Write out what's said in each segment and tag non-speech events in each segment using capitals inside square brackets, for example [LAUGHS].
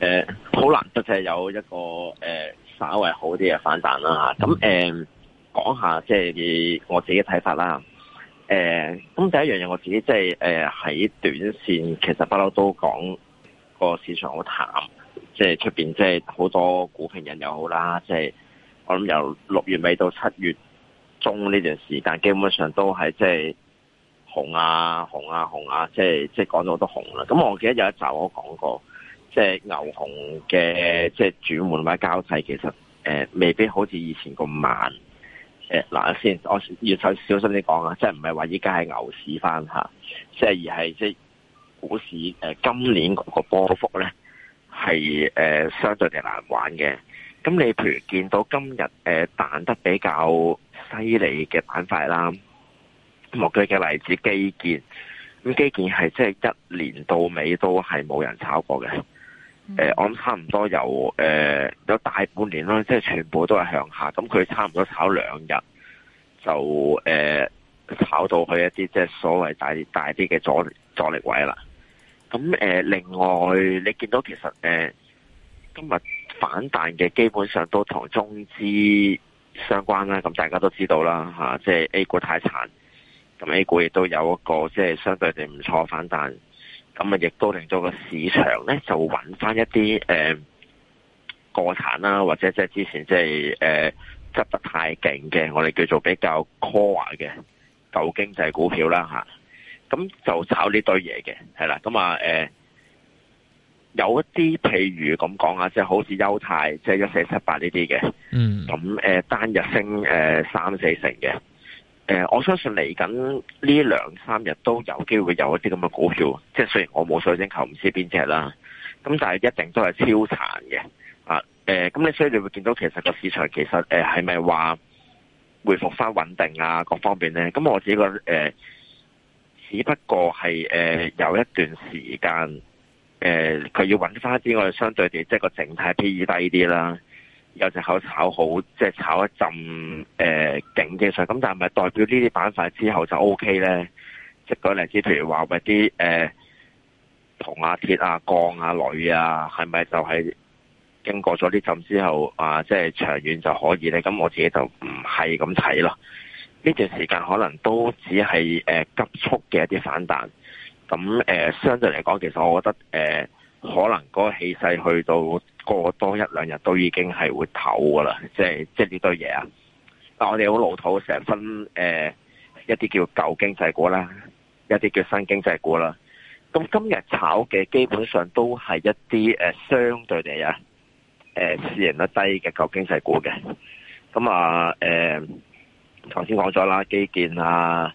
誒，好、呃、難得就係有一個誒、呃，稍微好啲嘅反彈啦吓。咁誒，講、呃、下即係、就是、以我自己嘅睇法啦。誒、呃，咁第一樣嘢，我自己即係誒喺短綫，其實不嬲都講個市場好淡。即係出邊，即係好多股評人又好啦。即、就、係、是、我諗由六月尾到七月中呢段時間，基本上都係即係紅啊紅啊紅啊，即係即係講咗好多紅啦、啊。咁、啊啊就是、我記得有一集我講過。即係牛熊嘅即係轉換或者交替，其實誒未必好似以前咁慢。誒，嗱，先我要小心啲講啊，即係唔係話依家係牛市翻吓，即係而係即係股市誒，今年嗰個波幅咧係誒相對地難玩嘅。咁你譬如見到今日誒彈得比較犀利嘅板塊啦，我舉嘅例子基建，咁基建係即係一年到尾都係冇人炒過嘅。誒，我諗差唔多由誒有大半年啦，即係全部都係向下，咁佢差唔多炒兩日就誒炒到去一啲即係所謂大大啲嘅阻力阻力位啦。咁誒，另外你見到其實誒今日反彈嘅基本上都同中資相關啦，咁大家都知道啦吓，即係 A 股太殘，咁 A 股亦都有一個即係相對地唔錯反彈。咁啊，亦都令到個市場咧就搵翻一啲誒、呃、過產啦，或者即之前即係誒執得太勁嘅，我哋叫做比較 core 嘅舊經濟股票啦吓，咁、啊、就炒呢堆嘢嘅，係啦。咁啊誒，有一啲譬如咁講啊，即、就、係、是、好似丘鈦，即係一四七八呢啲嘅。嗯。咁、呃、單日升誒三四成嘅。誒、呃，我相信嚟緊呢兩三日都有機會有一啲咁嘅股票，即係雖然我冇水晶球唔知，唔知邊隻啦，咁但係一定都係超殘嘅，啊，誒、呃，咁你所以你會見到其實個市場其實誒係咪話回復翻穩定啊，各方面咧？咁我自己覺得、呃、只不過係誒、呃、有一段時間誒，佢、呃、要揾翻一啲我哋相對地即係個整體 PE 低啲啦。有隻口炒好，即係炒一浸誒景嘅上，咁、呃、但係咪代表呢啲板塊之後就 O K 咧？即係舉例子，譬如話為啲誒銅啊、鐵啊、鋼啊、鋁啊，係咪就係經過咗呢浸之後啊，即係長遠就可以咧？咁我自己就唔係咁睇咯。呢段時間可能都只係、呃、急速嘅一啲反彈。咁誒、呃，相對嚟講，其實我覺得誒。呃可能個氣勢去到過多一兩日都已經係會唞噶啦，即係即係呢堆嘢啊！但、啊、我哋好老土，成日分誒、呃、一啲叫舊經濟股啦，一啲叫新經濟股啦。咁今日炒嘅基本上都係一啲誒、呃、相對地啊誒市盈率低嘅舊經濟股嘅。咁啊誒，頭先講咗啦，基建啊，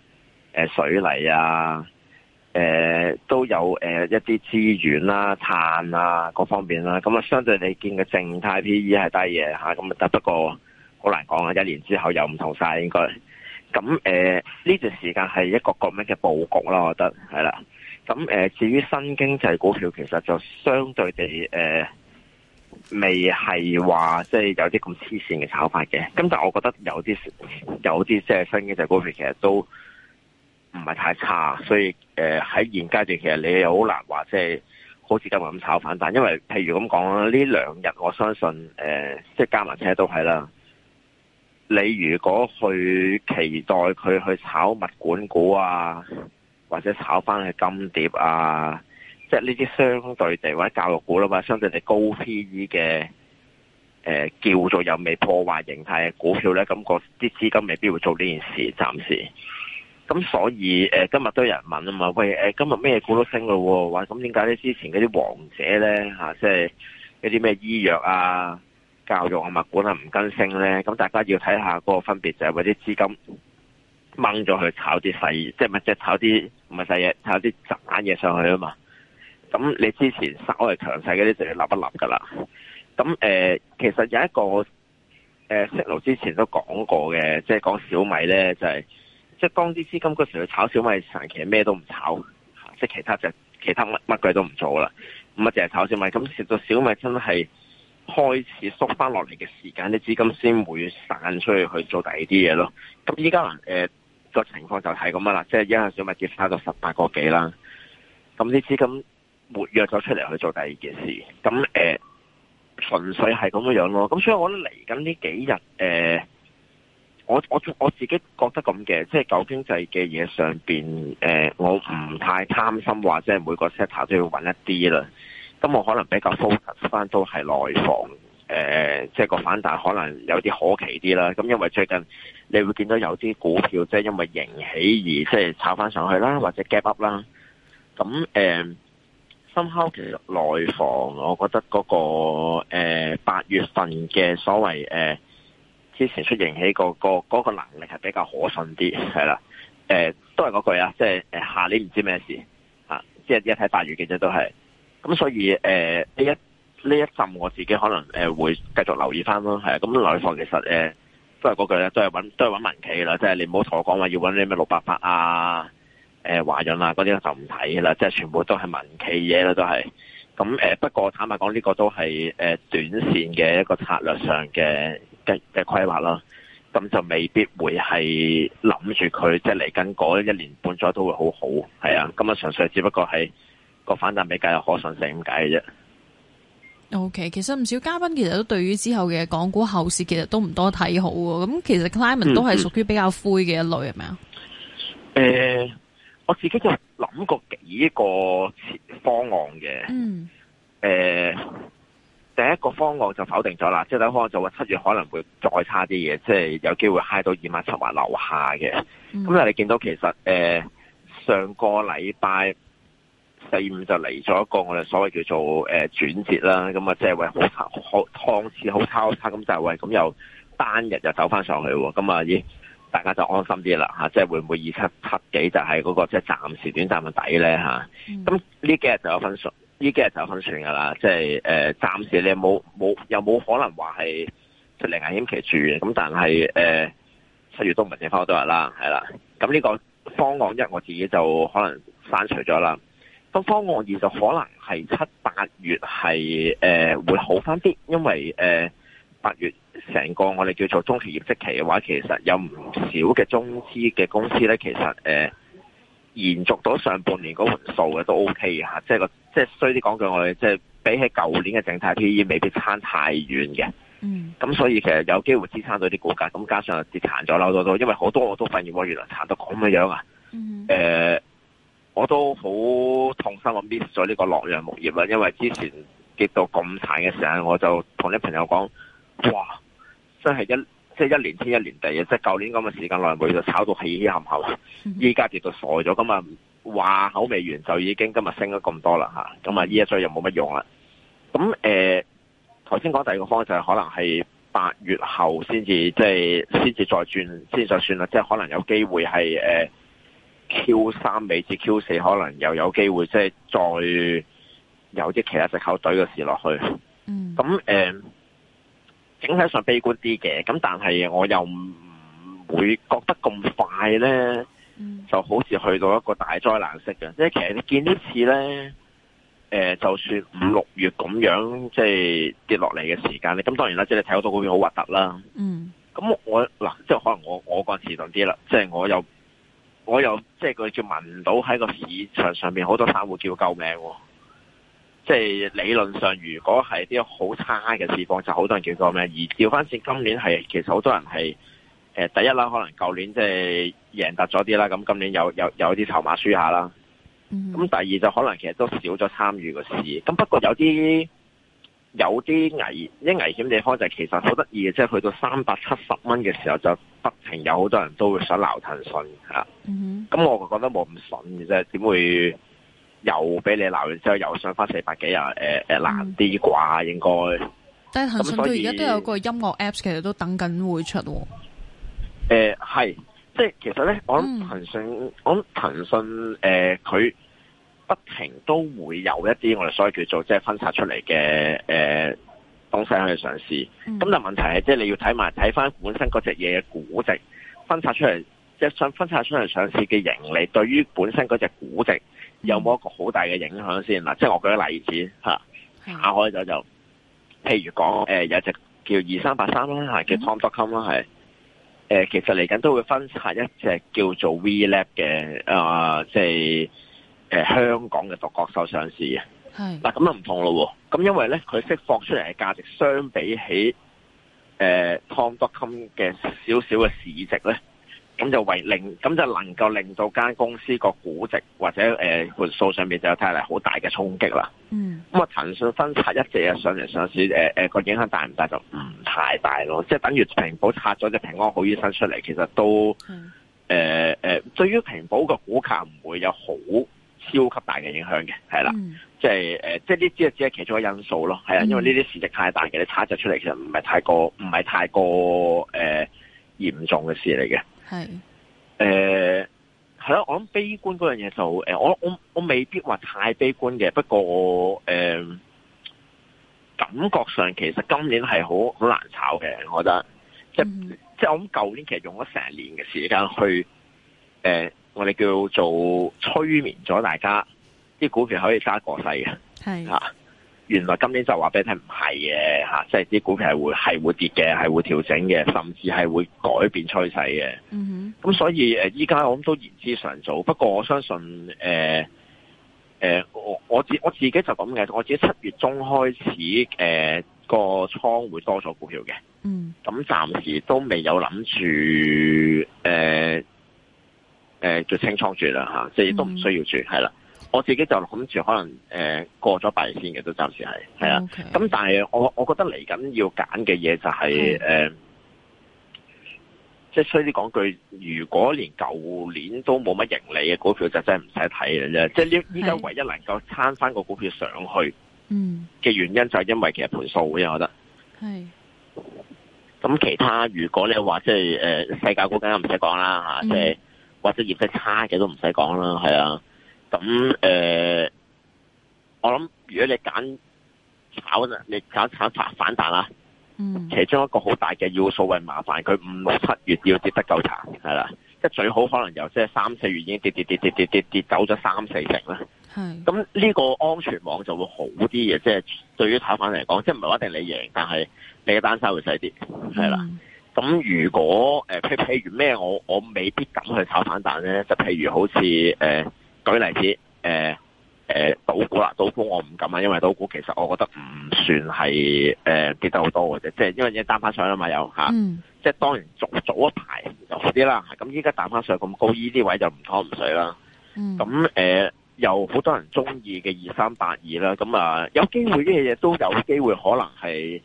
水泥啊。誒、呃，都有誒、呃、一啲資源啦、碳啊各方面啦，咁啊相對你見嘅靜態 P E 係低嘅吓，咁啊但、啊、不過好難講啊，一年之後又唔同晒應該。咁誒呢段時間係一個咁樣嘅佈局啦，我覺得係啦。咁誒、啊啊、至於新經濟股票，其實就相對地誒、啊、未係話即係有啲咁黐線嘅炒法嘅。咁但係我覺得有啲有啲即係新經濟股票其實都。唔係太差，所以誒喺、呃、現階段，其實你又很難好難話即係好似今日咁炒反彈，但因為譬如咁講啦，呢兩日我相信誒、呃，即係加埋車都係啦。你如果去期待佢去炒物管股啊，或者炒翻去金蝶啊，即係呢啲相對地或者教育股啦嘛，相對地高 P E 嘅叫做又未破壞形態嘅股票呢，咁個啲資金未必會做呢件事，暫時。咁所以、呃、今日都有人問啊嘛，喂、呃、今日咩股都升嘞喎、啊？話咁點解咧？之前嗰啲王者咧、啊、即係嗰啲咩醫藥啊、教育啊、物管啊唔跟升咧？咁大家要睇下嗰個分別，就係嗰啲資金掹咗去炒啲細，即係咪即係炒啲唔係細嘢，炒啲賺嘢上去啊嘛？咁你之前稍為強勢嗰啲就要立一立噶啦？咁、呃、其實有一個、呃、石爐之前都講過嘅，即、就、係、是、講小米咧就係、是。即係當啲資金嗰時去炒小米，長期咩都唔炒，即係其他就係，其他乜乜鬼都唔做啦，咁啊淨係炒小米。咁食到小米真係開始縮翻落嚟嘅時間，啲資金先會散出去去做第二啲嘢咯。咁依家誒個情況就係咁樣啦，即係一下小米跌翻個十八個幾啦。咁啲資金活躍咗出嚟去做第二件事，咁誒純粹係咁樣樣咯。咁所以我覺得嚟緊呢幾日誒。呃我我我自己覺得咁嘅，即係舊經濟嘅嘢上邊，誒、呃，我唔太貪心，話即係每個 sector 都要揾一啲啦。咁我可能比較 focus 翻都係內房，誒、呃，即係個反彈可能有啲可期啲啦。咁因為最近你會見到有啲股票即係因為盈喜而即係炒翻上去啦，或者 gap up 啦。咁、呃、誒，深烤其實內房，我覺得嗰、那個八、呃、月份嘅所謂誒。呃之前出營起那個個嗰個能力係比較可信啲，係啦，誒、呃、都係嗰句是啊，即係誒下年唔知咩事啊，即係一睇八月嘅啫，都係。咁所以誒呢、呃、一呢一陣，我自己可能誒會繼續留意翻咯，係啊。咁內房其實誒都係嗰句咧，都係揾都係揾民企啦，即係你唔好同我講話要揾啲咩六八八啊、誒、呃、華潤啊嗰啲咧就唔睇啦，即係全部都係民企嘢啦，都係。咁誒、呃、不過坦白講，呢個都係誒短線嘅一個策略上嘅。嘅嘅規劃啦，咁就未必會係諗住佢即係嚟緊嗰一年半載都會好好，係啊，咁啊，純粹只不過係個反彈比較有可信性咁解嘅啫。OK，其實唔少嘉賓其實都對於之後嘅港股後市其實都唔多睇好喎，咁其實 Clayman 都係屬於比較灰嘅一類係咪啊？誒、嗯嗯呃，我自己就諗過幾個方案嘅，嗯，誒、呃。第一個方案就否定咗啦，即係可能就話七月可能會再差啲嘢，即係有機會嗨到二萬七或樓下嘅。咁但係你見到其實誒、呃、上個禮拜四五就嚟咗一個我哋所謂叫做誒轉折啦，咁啊即係喂好差，好放好抄差，咁就喂、是、咁、呃、又單日就走翻上去，咁啊咦大家就安心啲啦吓，即係會唔會二七七幾就係嗰、嗰個即係暫時短暫嘅底咧吓？咁、啊、呢幾日就有分數。呢幾日就安全噶啦，即係誒、呃，暫時你冇冇又冇可能話係實令危險期住。咁但係誒七月都唔剩翻好多日啦，係啦，咁呢個方案一我自己就可能刪除咗啦，咁方案二就可能係七八月係誒、呃、會好翻啲，因為誒八、呃、月成個我哋叫做中期業績期嘅話，其實有唔少嘅中資嘅公司咧，其實誒。呃延續到上半年嗰個數嘅都 OK 嘅吓，即係個即係衰啲講句我哋，即係比起舊年嘅靜態 PE 未必差太遠嘅。嗯，咁所以其實有機會支撐到啲股價，咁加上就跌殘咗，多多，因為好多我都發現我原來跌到咁嘅樣啊。嗯哼、呃，我都好痛心我 miss 咗呢個洛陽木業啦，因為之前跌到咁殘嘅時候，我就同啲朋友講，哇，真係一，即係一年天一年地啊！即係舊年咁嘅時間內佢就炒到起起冚冚，依家跌到傻咗，咁啊話口未完就已經今日升咗咁多啦嚇，咁啊呢一追又冇乜用啦。咁誒，頭先講第二個方就係、是、可能係八月後先至，即係先至再轉，先再算啦。即係可能有機會係誒、呃、Q 三尾至 Q 四，可能又有機會即係再有啲其他隻口隊嘅事落去。嗯。咁誒。呃整體上悲觀啲嘅，咁但係我又唔會覺得咁快呢，就好似去到一個大災難式嘅。即係其實你見呢次呢，呃、就算五六月咁樣，即係跌落嚟嘅時間咧，咁當然啦，即係你睇到多好核突啦。咁、嗯、我嗱，即係可能我我嗰陣時諗啲啦，即係我又我又即係佢叫聞到喺個市場上面好多散戶叫救命喎、啊。即係理論上，如果係啲好差嘅市況，就好多人叫做咩？而調翻轉今年係其實好多人係誒、呃、第一啦，可能舊年即係贏得咗啲啦，咁今年有有有啲籌碼輸下啦。咁、mm hmm. 第二就可能其實都少咗參與嘅市。咁不過有啲有啲危，啲危險地方就係、是、其實好得意嘅，即、就、係、是、去到三百七十蚊嘅時候，就不停有好多人都會想鬧騰訊嚇。咁、mm hmm. 我就覺得冇咁筍嘅啫，點會？又俾你鬧完之後，又上翻四百幾啊！誒、呃呃、難啲啩，應該。但係騰訊到而家都有個音樂 Apps，其實都等緊會出喎、哦。誒係、呃，即係其實咧，我諗騰訊，嗯、我諗騰訊誒，佢、呃、不停都會有一啲我哋所謂叫做即係分拆出嚟嘅誒東西去嘗試。咁、嗯、但問題係，即係你要睇埋睇翻本身嗰隻嘢嘅估值，分拆出嚟。想分拆出嚟上市嘅盈利，對於本身嗰隻估值有冇一個好大嘅影響先啦。嗯、即係我舉個例子嚇，打是、啊、開咗就，譬如講誒、呃、有一隻叫二三八三啦嚇，叫 Tom.com 啦，係。誒其實嚟緊都會分拆一隻叫做 WeLab 嘅、呃就是呃、是啊，即係誒香港嘅獨角獸上市嘅。係，嗱咁就唔同咯喎。咁因為咧，佢釋放出嚟嘅價值相比起誒、呃、Tom.com 嘅少少嘅市值咧。咁就為令咁就能夠令到間公司個估值或者誒盤數上面就有睇嚟好大嘅衝擊啦。嗯。咁啊、嗯，騰訊分拆一隻嘢上嚟上市，誒誒個影響大唔大？就唔太大咯。即係等於平保拆咗隻平安好醫生出嚟，其實都誒誒、呃呃，對於平保個股價唔會有好超級大嘅影響嘅，係啦、嗯就是呃。即係誒，即係呢啲只只係其中一個因素咯。係啊，因為呢啲市值太大嘅，你拆咗出嚟其實唔係太過唔係太過誒嚴、呃、重嘅事嚟嘅。係，誒是，係咯、呃啊，我諗悲觀嗰樣嘢就，誒，我我我未必話太悲觀嘅，不過我，誒、呃，感覺上其實今年係好好難炒嘅，我覺得，即、嗯、哼即我諗舊年其實用咗成年嘅時間去，誒、呃，我哋叫做催眠咗大家，啲股票可以揸過世嘅，係是、啊原來今年就話俾你聽唔係嘅吓，即係啲股票係會係會跌嘅，係會調整嘅，甚至係會改變趨勢嘅。咁、mm hmm. 所以誒，依家我諗都言之尚早。不過我相信誒，誒、呃呃，我我自我自己就咁嘅。我自己七月中開始誒、呃那個倉會多咗股票嘅。嗯、mm。咁、hmm. 暫時都未有諗、呃呃、住誒誒，叫清倉住啦吓，即係都唔需要住，係啦、mm。Hmm. 我自己就諗住可能誒、呃、過咗八月先嘅，都暫時係係啊。咁 Okay. 但係我我覺得嚟緊要揀嘅嘢就係、是、誒，即係衰啲講句，如果連舊年都冇乜盈利嘅股票就真係唔使睇嘅啫。即係呢依家唯一能夠撐翻個股票上去嘅原因就係因為其實盤數嘅我覺得係。咁的其他如果你話即係誒世界股梗唔使講啦嚇，即係、嗯、或者業績差嘅都唔使講啦，係啊。咁誒，我諗如果你揀炒，你揀炒反彈啊，嗯，其中一個好大嘅要素係麻煩，佢五六七月要跌得夠慘，係啦，即係最好可能由即係三四月已經跌跌跌跌跌跌跌走咗三四成啦，係，咁呢個安全網就會好啲嘅，即係對於炒反嚟講，即係唔係話一定你贏，但係你嘅單收會細啲，係啦。咁如果誒譬譬如咩，我我未必敢去炒反彈咧，就譬如好似誒。舉例子，誒、呃、誒，倒股啦，倒股我唔敢啊，因為倒股其實我覺得唔算係誒、呃、跌得好多嘅啫，即係因為而家彈返上啦嘛，又吓，啊嗯、即係當然早早一排就好啲啦，咁依家彈翻上咁高，依啲位就唔湯唔水啦。咁誒、嗯，有、呃、好多人中意嘅二三八二啦，咁啊有機會呢嘢都有機會可能係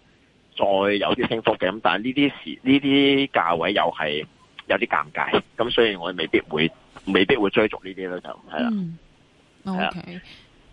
再有啲升幅嘅，咁但係呢啲時呢啲價位又係有啲尷尬，咁所以我未必會。未必會追逐呢啲咯，就係啦。嗯，okay.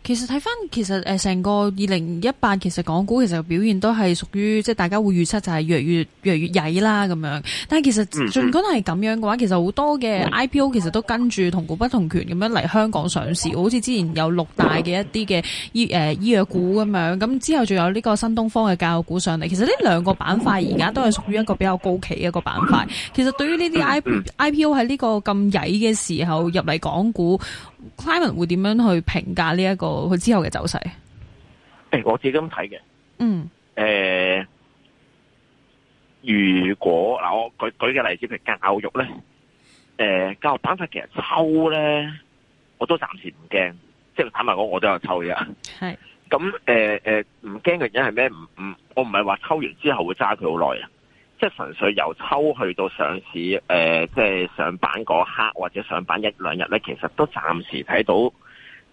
其實睇翻，其實誒成個二零一八，其實港股其實表現都係屬於即係大家會預測，就係越嚟越越嚟越曳啦咁樣。但係其實儘管係咁樣嘅話，其實好多嘅 IPO 其實都跟住同股不同權咁樣嚟香港上市。好似之前有六大嘅一啲嘅醫誒醫藥股咁樣，咁之後仲有呢個新東方嘅教育股上嚟。其實呢兩個板塊而家都係屬於一個比較高企嘅一個板塊。其實對於呢啲 IPO 喺呢個咁曳嘅時候入嚟港股。Clive 會點樣去評價呢一個佢之後嘅走勢？誒、欸，我自己咁睇嘅。嗯。誒、欸，如果嗱，我舉舉嘅例子譬如教育咧，誒、欸，教育板塊其實抽咧，我都暫時唔驚。即係坦白講，我都有抽嘅。係是。咁誒誒，唔驚嘅原因係咩？唔唔，我唔係話抽完之後會揸佢好耐啊。即係純粹由抽去到上市，即、呃、係、即係、上板嗰刻或者上板一兩日咧，其實都暫時睇到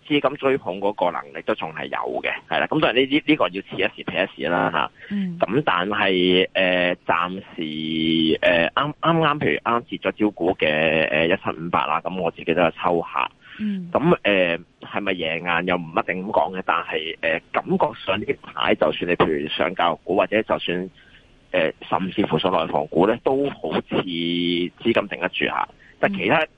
資金追捧嗰個能力都仲係有嘅，係啦。咁當然呢啲呢個要時一時睇一時啦，吓。咁但係誒、呃，暫時誒啱啱啱，譬如啱啱接咗招股嘅誒一七五八啦，咁我自己都有抽下。咁誒係咪贏硬又唔一定咁講嘅，但係、呃、感覺上呢啲牌，就算你譬如上教育股或者就算。誒、呃，甚至乎所內房股咧，都好似資金定得住下。但其他、嗯、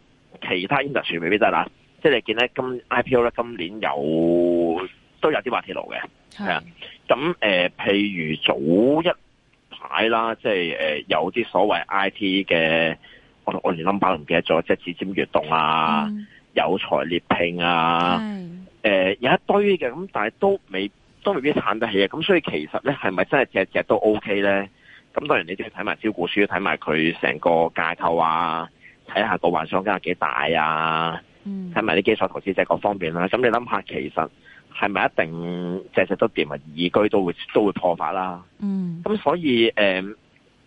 其他 industry 未必得啦。即係你見咧，今 IPO 咧今年有都有啲滑鐵盧嘅，啊是。咁、呃、譬如早一排啦，即、就、係、是呃、有啲所謂 I T 嘅，我我連 number 唔記得咗，即係指尖悅動啊，嗯、有才獵聘啊、嗯呃，有一堆嘅，咁但係都未都未必撐得起嘅。咁所以其實咧，係咪真係隻隻都 O K 咧？咁當然你都要睇埋招股書，睇埋佢成個架構啊，睇下個幻想金係幾大啊，睇埋啲基礎投資者各方面啦、啊。咁你諗下，其實係咪一定隻隻都跌埋？倚居都會都會破發啦、啊。嗯。咁所以誒，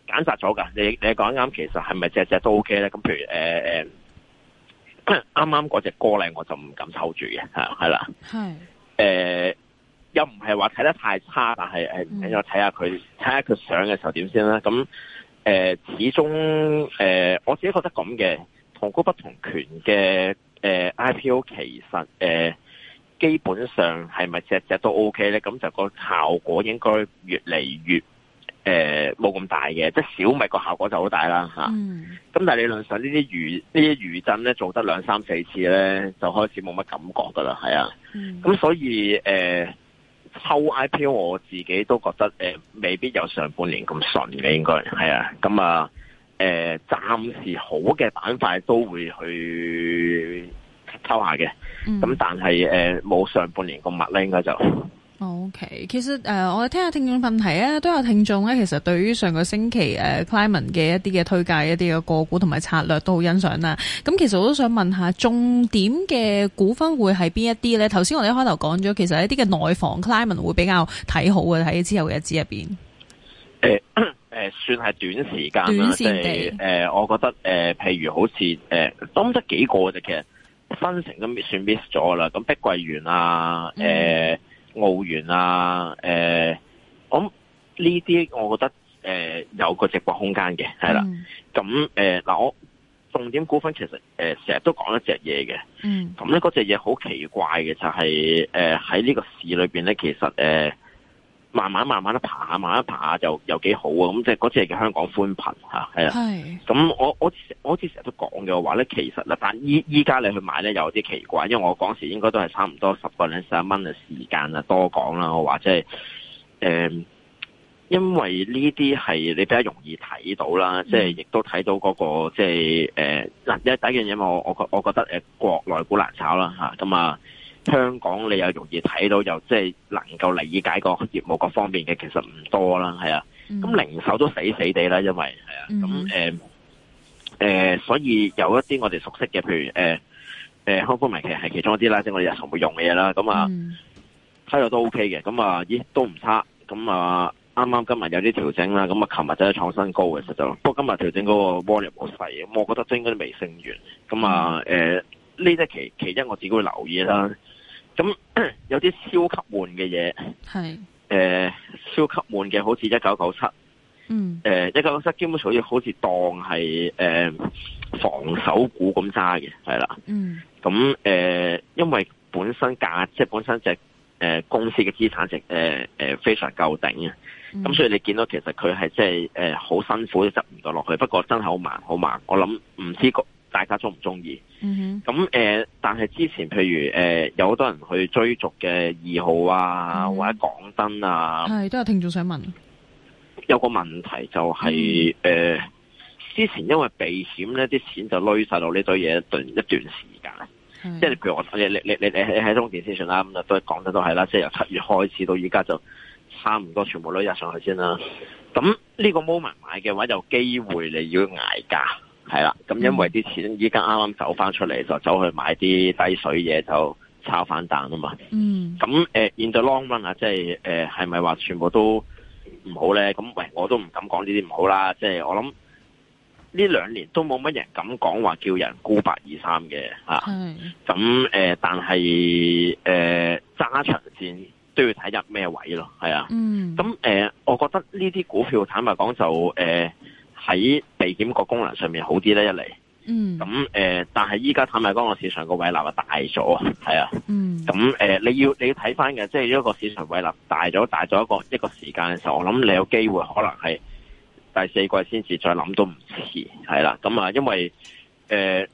揀擇咗㗎。你你講啱。其實係咪隻隻都 O K 咧？咁譬如誒誒，啱啱嗰隻歌靚，我就唔敢抽住嘅係啦。係。是又唔係話睇得太差，但係使再睇下佢睇下佢相嘅時候點先啦。咁誒、呃，始終誒、呃，我自己覺得咁嘅同股不同權嘅、呃、IPO 其實誒、呃，基本上係咪隻隻都 OK 咧？咁就個效果應該越嚟越誒冇咁大嘅，即係小米個效果就好大啦咁、嗯啊、但係理論上呢啲餘呢啲餘震咧，做得兩三四次咧，就開始冇乜感覺噶啦，係啊。咁、嗯、所以誒。呃抽 IPO 我自己都覺得、呃、未必有上半年咁順嘅，應該係啊，咁啊、嗯呃、暫時好嘅板塊都會去抽下嘅，咁但係誒冇上半年咁密咧，應該就。O、okay, K，其實誒、呃，我哋聽下聽眾問題啊，都有聽眾咧。其實對於上個星期誒、呃、，Climate 嘅一啲嘅推介，一啲嘅個股同埋策略都好欣賞啦。咁、嗯、其實我都想問一下，重點嘅股份會係邊一啲咧？頭先我哋一開頭講咗，其實一啲嘅內房 Climate 會比較睇好嘅。喺之後嘅日子入邊。誒誒、呃呃，算係短時間啦，即誒、就是呃，我覺得誒、呃，譬如好似誒，我、呃、得幾個啫。其實新城都算 miss 咗啦，咁碧桂園啊，誒、呃。嗯澳元啊，誒、呃，我諗呢啲我覺得、呃、有個直播空間嘅，係啦，咁嗱、嗯呃、我重點股份其實成日、呃、都講一隻嘢嘅，咁咧嗰隻嘢好奇怪嘅就係喺呢個市裏面咧，其實、呃慢慢慢慢都爬下，慢慢爬下就又，又幾好啊！咁即係嗰隻叫香港寬頻嚇，係啊。咁的我我我好似成日都講嘅話咧，其實嗱，但依依家你去買咧有啲奇怪，因為我嗰時應該都係差唔多十個零十一蚊嘅時間啊，多講啦，我話即係誒，因為呢啲係你比較容易睇到啦，即係亦都睇到嗰個即係誒嗱，第一樣嘢我我我覺得誒國內股難炒啦嚇，咁啊。嗯香港你又容易睇到，又即係能夠理解個業務各方面嘅，其實唔多啦，係啊。咁、mm hmm. 嗯、零售都死死地啦，因為係啊。咁誒、mm hmm. 嗯嗯、所以有一啲我哋熟悉嘅，譬如誒誒、呃、康富明，其實係其中一啲啦，即係我哋日常會用嘅嘢啦。咁啊，睇落、mm hmm. 都 OK 嘅。咁啊，咦，都唔差。咁啊，啱啱今日有啲調整啦。咁啊，琴日真係創新高嘅，實在就。不過今日調整嗰個 Volume 好細，咁我覺得都應該未升完。咁啊，呢啲、mm hmm. 呃、其，其一我自己會留意啦。Mm hmm. 咁有啲超級悶嘅嘢係、呃，超級悶嘅，好似一九九七，嗯，誒一九九七基本上好似當係、呃、防守股咁揸嘅，係啦，嗯，咁、呃、因為本身價即係、就是、本身隻、呃、公司嘅資產值、呃呃、非常夠頂啊，咁、呃嗯、所以你見到其實佢係即係好辛苦執唔到落去，不過真係好慢好慢，我諗唔知個。大家鍾唔鍾意？咁誒、嗯哼嗯，但係之前譬如誒、呃，有好多人去追逐嘅二號啊，嗯、或者港燈啊，係都有聽眾想問。有個問題就係、是、誒、嗯呃，之前因為避險呢啲錢就攞曬落呢堆嘢一,一段時間，即係、嗯、譬如我你你你你你喺中電先算啦，咁啊都係港燈都係啦，即係由七月開始到依家就差唔多全部攞入上去先啦。咁、嗯、呢、這個 moment 買嘅話，有機會你要捱價。係啦，咁因為啲錢依家啱啱走翻出嚟，mm. 就走去買啲低水嘢，就炒翻彈啊嘛。嗯、mm.。咁誒，現在 long run 啊、就是，即係誒，係咪話全部都唔好咧？咁喂，我都唔敢講呢啲唔好啦。即、就、係、是、我諗呢兩年都冇乜人敢講話叫人沽八二三嘅吓。咁誒、mm. 啊呃，但係誒揸長線都要睇入咩位咯，係啊。嗯、mm.。咁、呃、誒，我覺得呢啲股票坦白講就誒。呃喺避險個功能上面好啲咧，一嚟，咁、mm. 嗯、但係依家坦白講個市場個威力啊大咗，係啊，咁、mm. 嗯、你要你要睇翻嘅，即係一個市場威力大咗，大咗一個一個時間嘅時候，我諗你有機會可能係第四季先至再諗都唔遲，係啦，咁、嗯、啊、嗯嗯，因為誒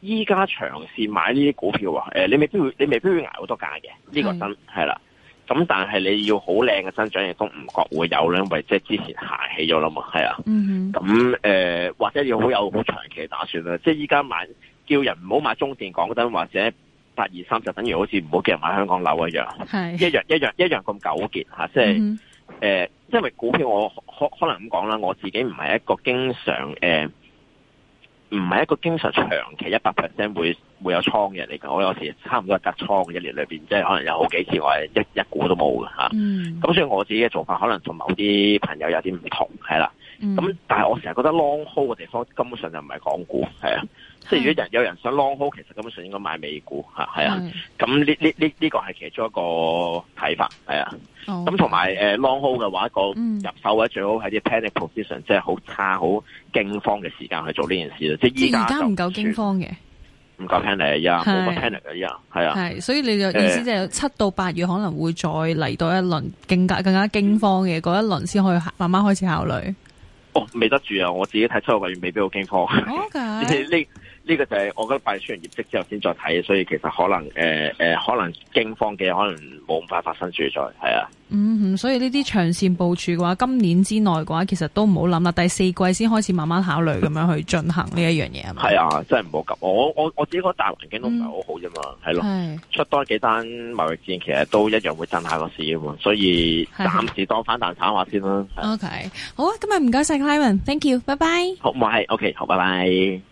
依家嘗試買呢啲股票啊、呃，你未必會你未必會捱好多價嘅，呢、呢個真係啦。Mm. 是的是的。咁但係你要好靚嘅增長，亦都唔覺會有咧，因為即係之前行起咗啦嘛，係啊。咁誒、mm hmm. 呃，或者要好有好長期嘅打算啦。即係依家買，叫人唔好買中電港燈，或者八二三就等於好似唔好叫人買香港樓一樣，mm hmm. 一樣一樣一樣咁糾結嚇。即係誒、mm hmm. 呃，因為股票我可可能咁講啦，我自己唔係一個經常誒。呃唔係一個經常長期一百 percent 會有倉嘅嚟講，我有時差唔多係隔倉嘅，一年裏面即係可能有好幾次我係一一股都冇㗎。嚇、嗯啊。咁所以我自己嘅做法可能同某啲朋友有啲唔同，係啦。咁、嗯嗯、但係我成日覺得 long h haul 嘅地方根本上就唔係港股，係啊。即係如果人有人想 long hold，其實根本上應該買美股嚇，係啊。咁呢呢呢呢個係其中一個睇法，係啊。咁同埋 long hold 嘅話，個入手位最好喺啲 panic position，、嗯、即係好差、好驚慌嘅時間去做呢件事，即係依家唔夠驚慌嘅，唔夠 panic 啊，冇夠 panic 啊，依家係啊。所以你嘅意思就係七到八月可能會再嚟到一輪更加更加驚慌嘅嗰、嗯、一輪先可以慢慢開始考慮。哦，未得住啊！我自己睇七個月未必好驚慌。哦 Okay， [LAUGHS] 呢個就係我覺得閉出完業績之後先再睇，所以其實可能誒誒，可能驚慌嘅可能冇咁快發生住在係啊。嗯哼，所以呢啲長線部署嘅話，今年之內嘅話，其實都唔好諗啦。第四季先開始慢慢考慮咁樣去進行呢一樣嘢。係啊，真係唔好急。我我我自己覺得大環境都唔係好好啫嘛，係咯。出多幾單貿易戰，其實都一樣會震下個市嘅嘛。所以暫時當反彈炒下先啦。OK，好啊，今日唔該晒。Clayton，thank you，拜拜。好唔該，OK，好，拜拜。